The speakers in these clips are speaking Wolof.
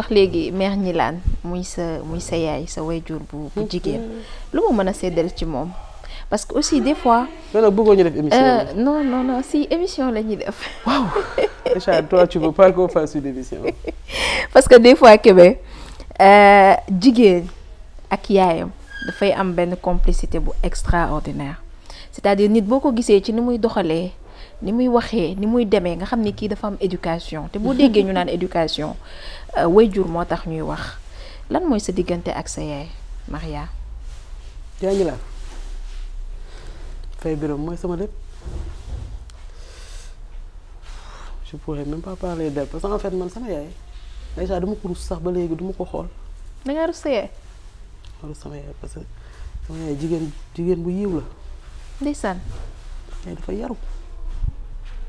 wax léegi mère Gnilane muy sa muy sa yaay sa wayjur bu bu jigéen lu ma mën a seddal ci moom parce que aussi des fois. loolu bëggoo ñu euh, si émission la ñuy def. waaw Richard toi parce que des fois Kébé euh, jigéen ak yaayam dafay am benn complicité bu extraordinaire c'est-à-dire nit boo ko gisee ci ni muy doxalee ni muy waxee ni muy demee nga xam ni kii dafa am éducation te boo déggee ñu naan éducation Euh, jur moo tax ñuy wax lan mooy sa diggante ak sa yaay Maria. jàngi laa fay biram mooy sama lépp je pourrais même pas parler d'elle parce que en fait man sama yaay déjà duma ko rus sax ba léegi duma ko xool. da ngaa rus sa yaay. parce que sama yaay jigéen jigéen bu yiw la. ndeysaan. yaay dafa yaru.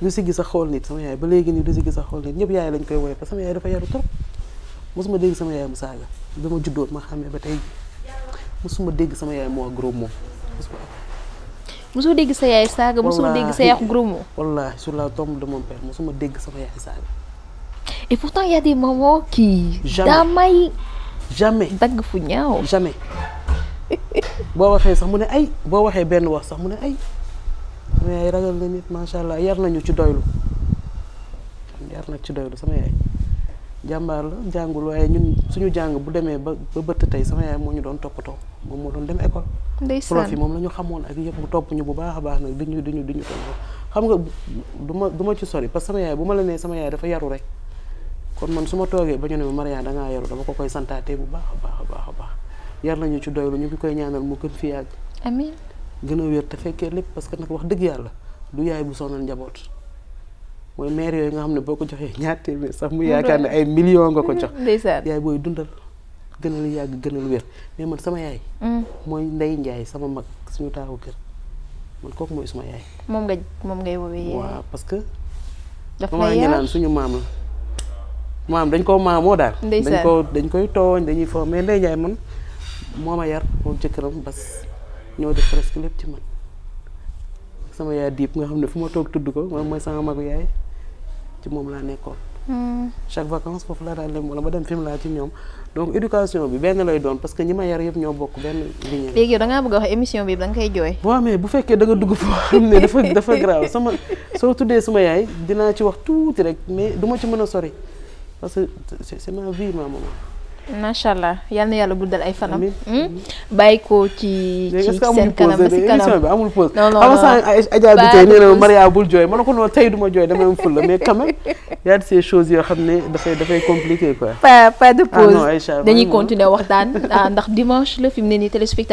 du si gis a xool nit sama yaay ba léegi nii du si gis a xool nit ñëpp yaay lañ koy woowee parce sama yaay dafa yaru trop. mosuma dégg sama yaay mu saaga bi ma juddoo ma xàmmee ba tey mosuma dégg sama yaay mu wax gros mot mosuma dégg sa yaay saaga mosoo dégg sa yaay gros sur la tombe de mon dégg sama yaay saaga i pourtant y a des mamans qui daa jamais dagg fu ñaw jamais boo waxee sax mu ne ay boo waxee benn wax sax mu ne ay sama yaay ragal na nit macha allah yar nañu ci doylu yar nag ci doylu sama yaay jàmbaar la jàngul waaye ñun suñu jàng bu demee ba ba bëtt tey sama yaay moo ñu doon toppatoo moom moo doon dem école. ndeysaan prof yi moom la ñu xamoon ak yëpp mu topp ñu bu baax a baax nag di ñu di ñu ñu xam nga du ma du ma ci sori parce que bu ma la nee sama yaay dafa yaru rek kon man su ma toogee ba ñu ne ma Maria da ngaa yaru dama ko koy santaatee bu baax a baax a baax a baax yar nañu ci ñu ngi koy ñaanal mu gën fi yàgg. amiin gën a wér te fekkee lépp parce que nag wax dëgg yàlla du yaay bu sonal njaboot mooy maire yooyu nga xam ne boo ko joxee ñaar téeméer sax mu yaakaar ne ay million nga ko jox yaay booy dundal gënal yàgg gënal wér mais man sama yaay mm. mooy Ndey Njaay sama mag suñu taawu kër man kooku mooy suma yaay moom ngay woowee waaw parce que dama ngi naan suñu maam la maam dañ koo maamoo daal dañ dañ koy tooñ dañuy fo mais Ndey Njaay man moo ma yar moom jëkkëram bas ñoo def presque lépp ci man sama yaay diib nga xam ne fu ma toog tudd ko moom mooy sama magu yaay ci moom laa nekkoon. Hmm. chaque vacance foofu laa daan dem wala ma dem film laa ci ñoom donc éducation bi benn lay doon parce que ñi ma yar yëpp ñoo bokk benn lignée. léegi yow da bëgg a wax émission bi da nga koy jooy. waaw mais bu fekkee da nga dugg foo xam ne dafa dafa grave sama soo tuddee sama yaay dinaa ci wax tuuti rek mais duma ci mën a sori parce que c'est ma vie ma maman. macha allah yal na yàlla guddal ay fanam. Hmm? bàyyi ko ci ci seen kanam ba si kanam amul pause non non non Maria bul jooy ma ne ko non tey du ma jooy damay am ful la mais quand même y a yoo xam ne dafay dafay compliqué quoi. pas pas de ah pause dañuy continuer waxtaan ah, ndax dimanche la fi mu ne nii